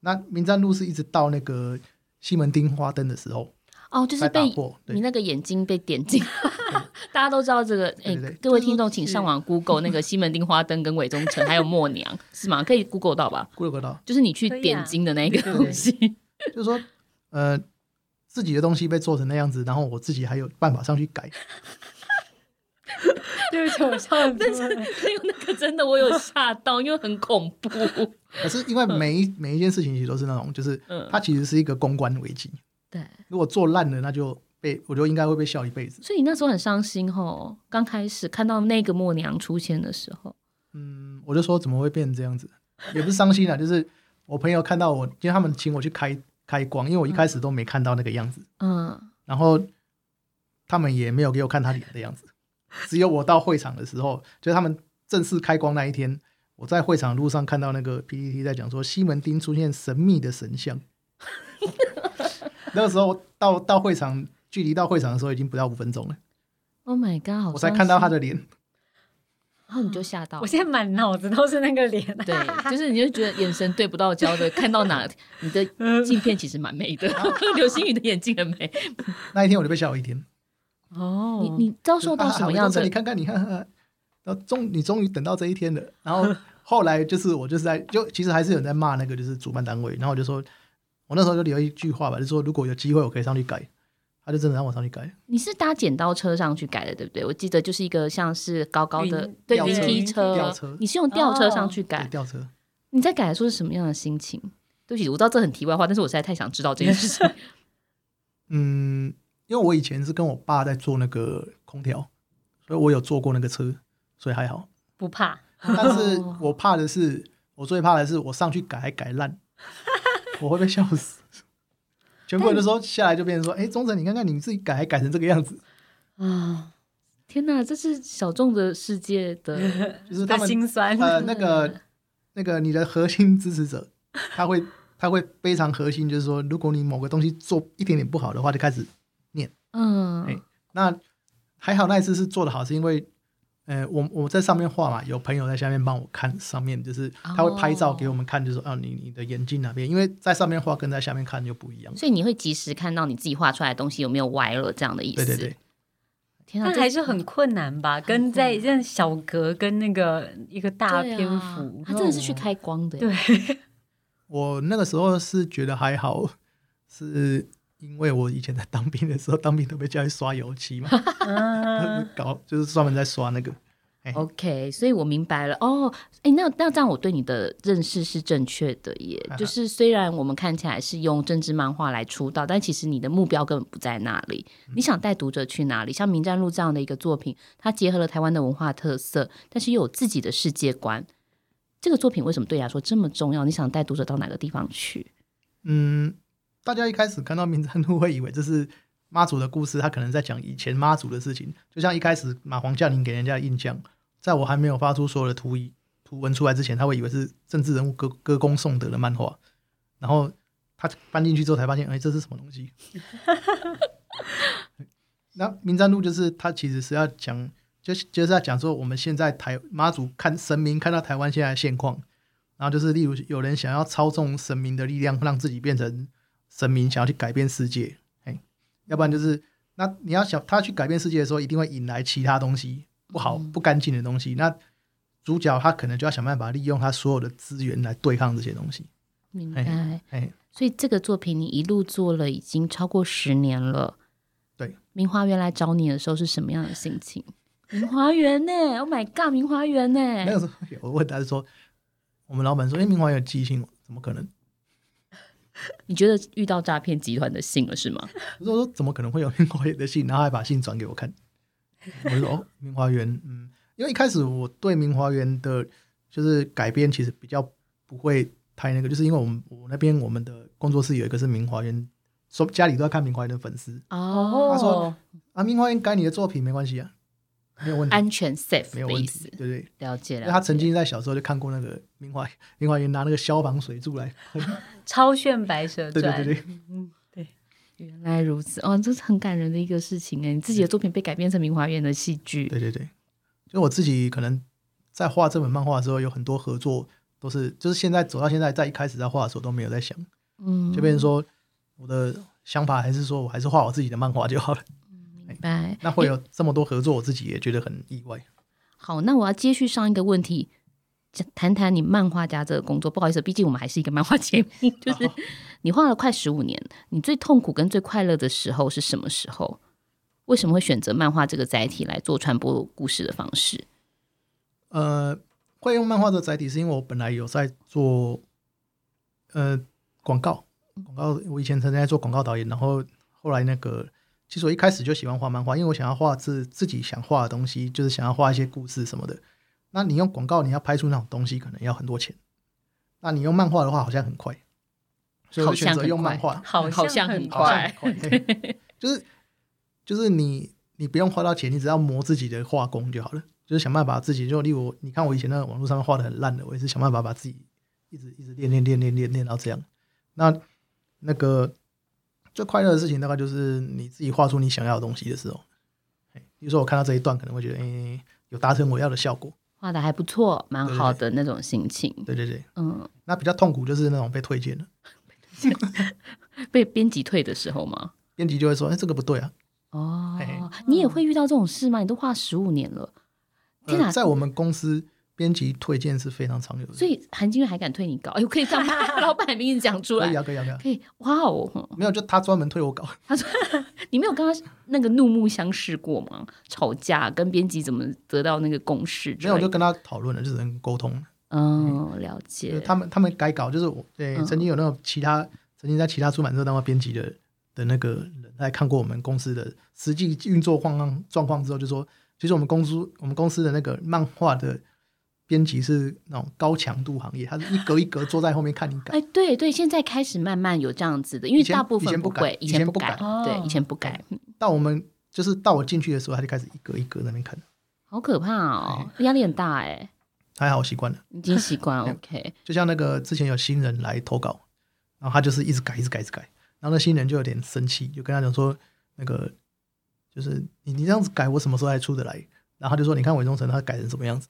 那《冥戰錄》是一直到那個西門町花燈的時候。哦，就是被你那個眼睛被點睛，大家都知道這個。對對對欸、各位聽眾，請上網 Google 那個西門町花燈、跟韋宗成還有默娘，是嗎？可以 Google 到吧？Google 到，就是你去點睛的那個東西。就是說，呃，自己的東西被做成那樣子，然後我自己還有辦法上去改。對不起，我笑了。但是那個真的，我有嚇到，因為很恐怖。可是因為每一每一件事情其實都是那種，就是、嗯、它其實是一個公關危機。對，如果做爛了，那就被，我就應該會被笑一輩子。所以你那時候很傷心哦？剛開始看到那個默娘出現的時候，嗯，我就說怎麼會變成這樣子？也不是傷心啦， [LAUGHS] 就是我朋友看到我，因為他們請我去開開光，因為我一開始都沒看到那個樣子，嗯，然後他們也沒有給我看他臉的樣子， [LAUGHS] 只有我到會場的時候，就是他們正式開光那一天，我在會場路上看到那個 PPT 在講說西門町出現神秘的神像。 [LAUGHS] 那個時候到到會場，距離到會場的時候已經不到五分鐘了。Oh my god！我才看到他的臉。啊、然後你就嚇到。我現在滿腦子都是那個臉。對，就是你就覺得眼神對不到焦的， [LAUGHS] 看到哪你的鏡片其實蠻美的。然後劉星宇的眼鏡很美。那一天我就被嚇了一天。哦、oh, 就。你你遭受到什麼樣子？你、啊啊、看看，你看，到、啊、終你終於等到這一天了。然後後來就是我就是在就其實還是有人在罵那個就是主辦單位，然後我就說。我那時候就留一句話吧，就是、說如果有機會我可以上去改，他就真的讓我上去改。你是搭剪刀車上去改的，對不對？我記得就是一個像是高高的吊車，吊車。你是用吊車上去改？哦、吊車。你在改的時候是什麼樣的心情？對不起，我知道這很題外話，但是我實在太想知道這件事情。 [LAUGHS] 嗯，因為我以前是跟我爸在做那個空調，所以我有坐過那個車，所以還好，不怕。但是我怕的是， [LAUGHS] 我最怕的是我上去改還改爛。我會被笑死！全部人都說下來就變成說：“哎你，宗成，你看看你自己改還改成這個樣子。”啊、嗯！天哪，這是小眾的世界的， [LAUGHS] 就是他們心酸。呃，那個 [LAUGHS] 那個，你的核心支持者，他會他會非常核心，就是說，如果你某個東西做一點點不好的話，就開始念。嗯誒。那還好，那一次是做的好，是因為。呃，我我在上面畫嘛，有朋友在下面幫我看上面，就是他會拍照給我們看就是，就說、oh. 啊，你你的眼睛哪邊？因為在上面畫跟在下面看就不一樣，所以你會及時看到你自己畫出來的東西有沒有歪了這樣的意思。對對對，天啊，但還是很困難吧？難跟在像小格跟那個一個大篇幅，啊、種他真的是去開光的。對， [LAUGHS] 我那個時候是覺得還好，是。因為我以前在當兵的時候，當兵都被叫去刷油漆嘛，搞就是專門在刷那個。OK，所以我明白了哦，欸、那那這樣我對你的認識是正確的，耶。 [LAUGHS] 就是雖然我們看起來是用政治漫畫來出道，但其實你的目標根本不在那裡。你想帶讀者去哪裡？嗯、像《冥戰錄》這樣的一個作品，它結合了台灣的文化的特色，但是又有自己的世界觀。這個作品為什麼對你來說這麼重要？你想帶讀者到哪個地方去？嗯。大家一開始看到《冥戰錄》，會以為這是媽祖的故事，他可能在講以前媽祖的事情。就像一開始馬皇降臨給人家的印象，在我還沒有發出所有的圖一圖文出來之前，他會以為是政治人物歌歌功頌德的漫畫。然後他翻進去之後才發現，哎、欸，這是什麼東西？ [LAUGHS] 那《冥戰錄》就是他其實是要講，就就是在講說我們現在台媽祖看神明，看到台灣現在的現況，然後就是例如有人想要操縱神明的力量，讓自己變成。神明想要去改變世界，嘿，要不然就是那你要想他去改變世界的時候，一定會引來其他東西不好不乾淨的東西。那主角他可能就要想辦法利用他所有的資源來對抗這些東西。明白，嘿所以這個作品你一路做了已經超過十年了。嗯、對，明華園來找你的時候是什麼樣的心情？ [LAUGHS] 明華園呢？Oh my god！明華園呢？沒有，我問他說：“我們老板說，哎、欸，明華園有記性，怎麼可能？”你覺得遇到詐騙集團的信了是嗎？我說，我說怎麼可能會有明華園的信，然後還把信轉給我看？我說哦，明華園，嗯，因為一開始我對明華園的，就是改編其實比較不會太那個，就是因為我們我那邊我們的工作室有一個是明華園，說家裡都在看明華園的粉絲哦，oh. 他說啊，明華園改你的作品沒關係啊。沒有問題，安全 safe 沒有問題，意思，對對？了解了。他曾經在小時候就看過那個明華，明華園拿那個消防水柱來，解 [LAUGHS] 超炫白蛇傳，對對對嗯，對，原來如此，哦，這是很感人的一個事情哎，你自己的作品被改編成明華園的戲劇對，對對對。就我自己可能在畫這本漫畫的時候，有很多合作都是，就是現在走到現在，在一開始在畫的時候都沒有在想，嗯，就變成說我的想法還是說我還是畫我自己的漫畫就好了。明白，那會有這麼多合作，欸、我自己也覺得很意外。好，那我要接續上一個問題，談談你漫畫家這個工作。不好意思，畢竟我們還是一個漫畫節目，就是、啊、你畫了快十五年，你最痛苦跟最快樂的時候是什麼時候？為什麼會選擇漫畫這個載體來做傳播故事的方式？呃，會用漫畫的載體，是因為我本來有在做呃廣告，廣告我以前曾經在做廣告導演，然後後來那個。其實我一開始就喜歡畫漫畫，因為我想要畫自自己想畫的東西，就是想要畫一些故事什麼的。那你用廣告，你要拍出那種東西，可能要很多錢。那你用漫畫的話，好像很快，所以我選擇用漫畫，嗯，好像很快，很快就是就是你你不用花到錢，你只要磨自己的畫功就好了，就是想辦法把自己，就例如你看我以前那個網絡上面畫的很爛的，我也是想辦法把自己一直一直練練練練練練到這樣。那那個。最快樂的事情大概就是你自己畫出你想要的東西的時候，比如說我看到這一段可能會覺得，哎、欸，有達成我要的效果，畫得還不錯，蠻好的那種心情。對，對對對，嗯，那比較痛苦就是那種被退件了， [LAUGHS] 被編輯退的時候嗎？編輯就會說，哎、欸，這個不對啊。哦，嘿嘿你也會遇到這種事嗎？你都畫十五年了，天哪、呃、在我們公司。編輯推薦是非常常有的，所以韓金月還敢推你稿，哎，呦，可以這樣 [LAUGHS] [LAUGHS] 老闆名字講出來，可以，可以，可以。哇哦，沒有，就他專門推我稿。他說：“你沒有跟他那個怒目相視過嗎？吵架？跟編輯怎麼得到那個共識？”沒有，我就跟他討論了，就只能溝通。嗯，oh, 了解。嗯就是、他們他們改稿，就是我，對，曾經有那種其他、oh. 曾經在其他出版社當過編輯的的那個人，他看過我們公司的實際運作狀況狀況之後，就說：“其、就、實、是、我們公司我們公司的那個漫畫的。”編輯是那種高強度行業，他是一格一格坐在後面看你改。 [LAUGHS] 哎，對對，現在開始慢慢有這樣子的，因為大部分不改，以前不改，以前不改，不改對，以前不改。不改到我們就是到我進去的時候，他就開始一格一格在那邊看。好可怕哦，壓對力很大哎，欸。還好我習慣了，已經習慣了。對 OK，就像那個之前有新人來投稿，然後他就是一直改，一直改，一直改，然後那新人就有點生氣，就跟他講說，那個就是你你這樣子改，我什麼時候還出得來？然後他就說，你看韋宗成他改成什麼樣子。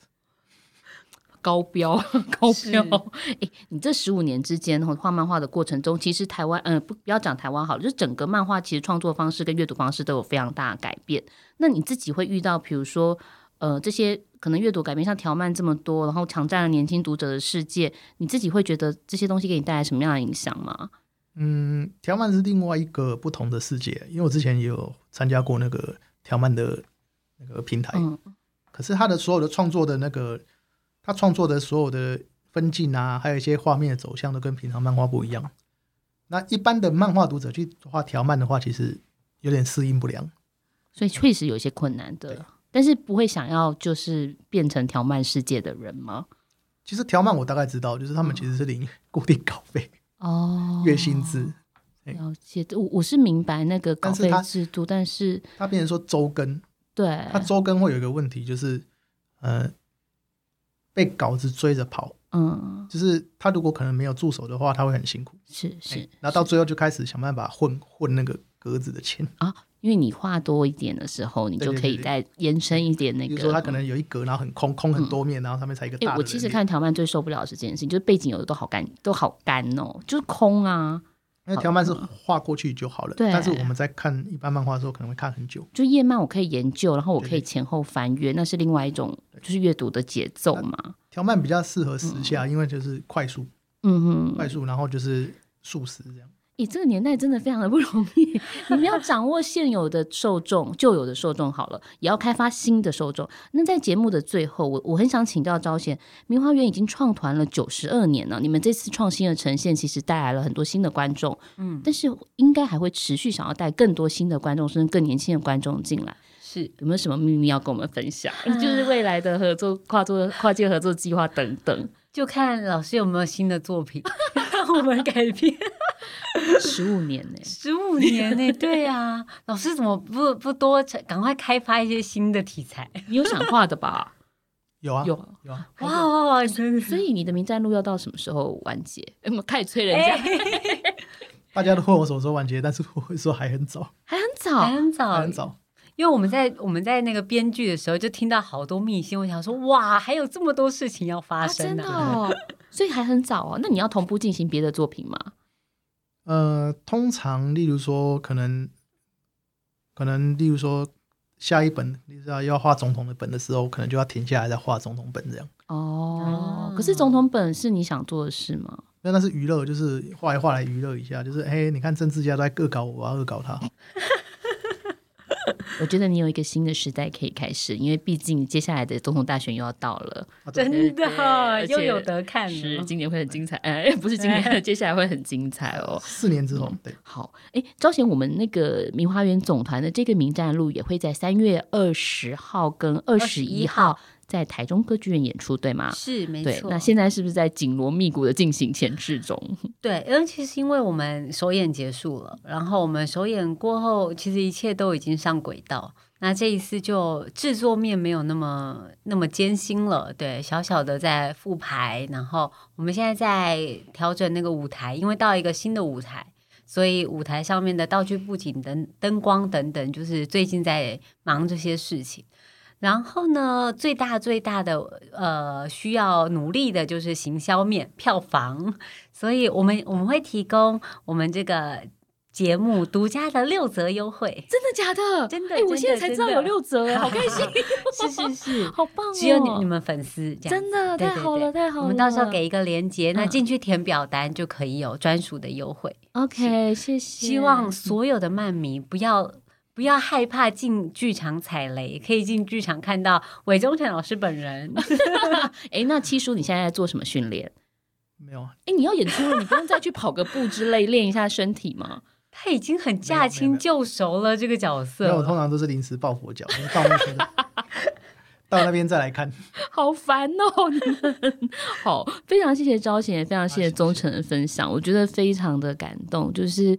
高標高標，哎、欸，你這十五年之間，畫漫畫的過程中，其實台灣，嗯、呃，不，不要講台灣好了，就是整個漫畫其實創作方式跟閱讀方式都有非常大的改變。那你自己會遇到，比如說，呃，這些可能閱讀改變，像條漫這麼多，然後搶占了年輕讀者的世界，你自己會覺得這些東西給你帶來什麼樣的影響嗎？嗯，條漫是另外一個不同的世界，因為我之前也有參加過那個條漫的那個平台，嗯、可是他的所有的創作的那個。他創作的所有的分鏡啊，還有一些畫面的走向都跟平常漫畫不一樣。那一般的漫畫讀者去畫條漫的話，其實有點適應不良，所以確實有些困難的。啊、但是不會想要就是變成條漫世界的人嗎？其實條漫我大概知道，就是他們其實是領固定稿費哦，月薪資。了解，我我是明白那個稿費制度，但是，他，但是他變成說周更，對，他周更會有一個問題就是，呃。被稿子追着跑，嗯，就是他如果可能沒有助手的話，他會很辛苦。是是、欸，然後到最後就開始想辦法混混那個格子的錢啊，因為你畫多一點的時候，你就可以再延伸一點那個。他可能有一格，然後很空，空很多面，嗯、然後上面才一個大。哎、欸，我其實看條漫最受不了是這件事情，就是背景有的都好乾，都好乾哦，就是空啊。那條漫是畫過去就好了，好，但是我們在看一般漫畫的時候，可能會看很久。就頁漫我可以研究，然後我可以前後翻閱，對對對，那是另外一種，就是閱讀的節奏嘛。條漫比較適合時下，嗯哼，因為就是快速，嗯哼嗯，快速，然後就是速食這樣。你這個年代真的非常的不容易， [LAUGHS] 你們要掌握現有的受眾、舊 [LAUGHS] 有的受眾好了，也要開發新的受眾。那在節目的最後，我我很想請教昭賢，明華園已經創團了九十二年了，你們這次創新的呈現其實帶來了很多新的觀眾，嗯，但是應該還會持續想要帶更多新的觀眾，甚至更年輕的觀眾進來。是有沒有什麼祕密要跟我們分享？ [LAUGHS] 就是未來的合作、跨作跨界合作計劃等等， [LAUGHS] 就看老師有沒有新的作品讓 [LAUGHS] [LAUGHS] 我們改編。 [LAUGHS] 十五年呢？十五年呢？對啊，老師怎麼不不多趕快開發一些新的題材？你有想畫的吧？有啊，有有啊！哇，所以你的冥戰錄要到什麼時候完結？我們開始催人家。大家都問我什麼時候完結，但是我會說還很早，還很早，還很早，還很早。因為我們在我們在那個編劇的時候，就聽到好多祕辛，我想說哇，還有這麼多事情要發生呢，真的哦，所以還很早哦。那你要同步進行別的作品嗎？呃，通常，例如說，可能，可能例，例如說，下一本你知道要畫總統的本的時候，可能就要停下來再畫總統本這樣。哦，可是總統本是你想做的事嗎？那、嗯、那是娛樂，就是畫一畫來娛樂一下，就是哎，你看政治家都在惡搞我，我要惡搞他。 [LAUGHS] [LAUGHS] 我覺得你有一個新的時代可以開始，因為畢竟接下來的總統大選又要到了，啊對嗯、真的、哦，又有得看，是今年會很精彩，是嗎哎、不是今年，哎、接下來會很精彩哦，四年之後，嗯、對，好，哎，昭賢，我們那個明華園總團的這個冥戰錄也會在三月二十號跟二十一號。在台中歌劇院演出對嗎？是，沒錯。對，那現在是不是在緊鑼密鼓的進行前置中？對，因為其實因為我們首演結束了，然後我們首演過後，其實一切都已經上軌道。那這一次就制作面沒有那麼那麼艱辛了，對，小小的在複排，然後我們現在在調整那個舞台，因為到一個新的舞台，所以舞台上面的道具、布景、燈、燈光等等，就是最近在忙這些事情。然後呢，最大最大的呃需要努力的就是行銷面票房，所以我們我們會提供我們這個節目獨家的六折優惠。真的假的？真的，哎、欸，的我現在才知道有六折，哈哈好開心、哦！是，是是是，好棒哦！只有你，你們粉絲真的太好了太好了！好了，我們到時候給一個連接，那進去填表單就可以有專屬的優惠。嗯、OK，是謝謝。希望所有的漫迷不要。不要害怕進劇場踩雷，可以進劇場看到韋宗成老師本人。哎、 [LAUGHS] 欸，那七叔你現在在做什麼訓練？沒有啊？哎、欸，你要演出了， [LAUGHS] 你不用再去跑個步之類練一下身體嗎？他已經很駕輕就熟了，這個角色。那我通常都是臨時抱佛腳，到那邊 [LAUGHS] 再來看。好煩哦！ [LAUGHS] 好，非常謝謝昭賢，也非常謝謝宗成的分享，我覺得非常的感動，就是。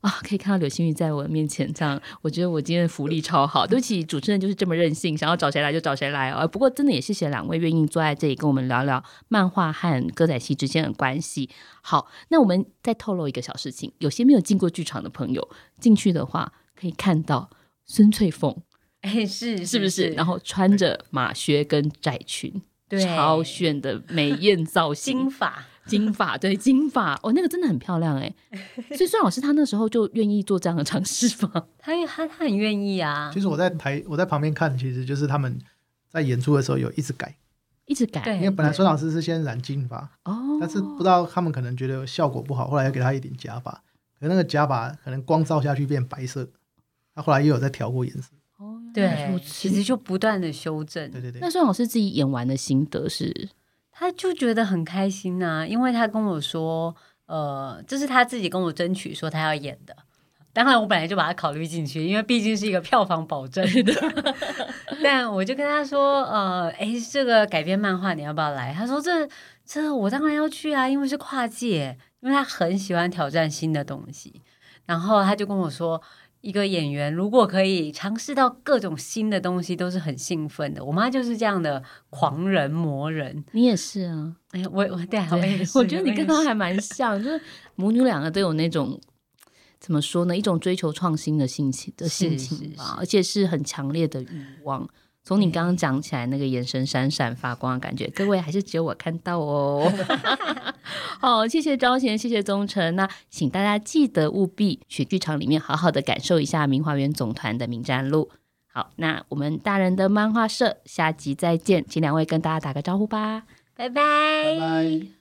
啊、哦，可以看到柳星宇在我面前這樣，我覺得我今天的福利超好。對不起，主持人就是這麼任性，想要找誰來就找誰來啊、哦！不過真的也謝謝兩位願意坐在這裡跟我們聊聊漫畫和歌仔戲之間的關係。好，那我們再透露一個小事情：有些沒有進過劇場的朋友進去的話，可以看到孫翠鳳，哎，是是，是不是？是，然後穿着馬靴跟窄裙，對，超炫的美艷造型。 [LAUGHS] 金髮對金髮，哦，那個真的很漂亮哎。 [LAUGHS] 所以孫老師他那時候就願意做這樣的嘗試嗎？他他，他很願意啊。其實我在台我在旁邊看，其實就是他們在演出的時候有一直改，一直改。對因為本來孫老師是先染金髮哦，對但是不知道他們可能覺得效果不好，後來又給他一點假髮。可是那個假髮可能光照下去變白色，他後，後來又有在調過顏色。哦，對，其實就不斷的修正。對對對。那孫老師自己演完的心得是？他就覺得很開心吶、啊,因為他跟我說，呃,這是他自己跟我爭取說他要演的，當然我本來就把他考慮進去，因為畢竟是一個票房保證的。 [LAUGHS] 但我就跟他說，呃、誒，這個改編漫畫你要不要來？他說，這，這這我當然要去啊，因為是跨界，因為他很喜歡挑戰新的東西。然後他就跟我說。一個演員如果可以嘗試到各種新的東西，都是很興奮的。我媽就是這樣的狂人魔人，你也是啊？哎，呀，我、我對、啊、我也是對，我覺得你跟她還蠻像，是就是母女兩個都有那種怎麼說呢？一種追求創新的心情的心情嘛，是是是，而且是很強烈的慾望。嗯從你剛剛講起來那個眼神閃閃發光的感覺，各位還是只有我看到哦。 [LAUGHS] [LAUGHS] 好，謝謝昭賢，謝謝宗成。那請大家記得務必去劇場裡面好好的感受一下明華園總團的冥戰錄。好，那我們大人的漫畫社下集再見，請兩位跟大家打個招呼吧，拜拜 bye。Bye bye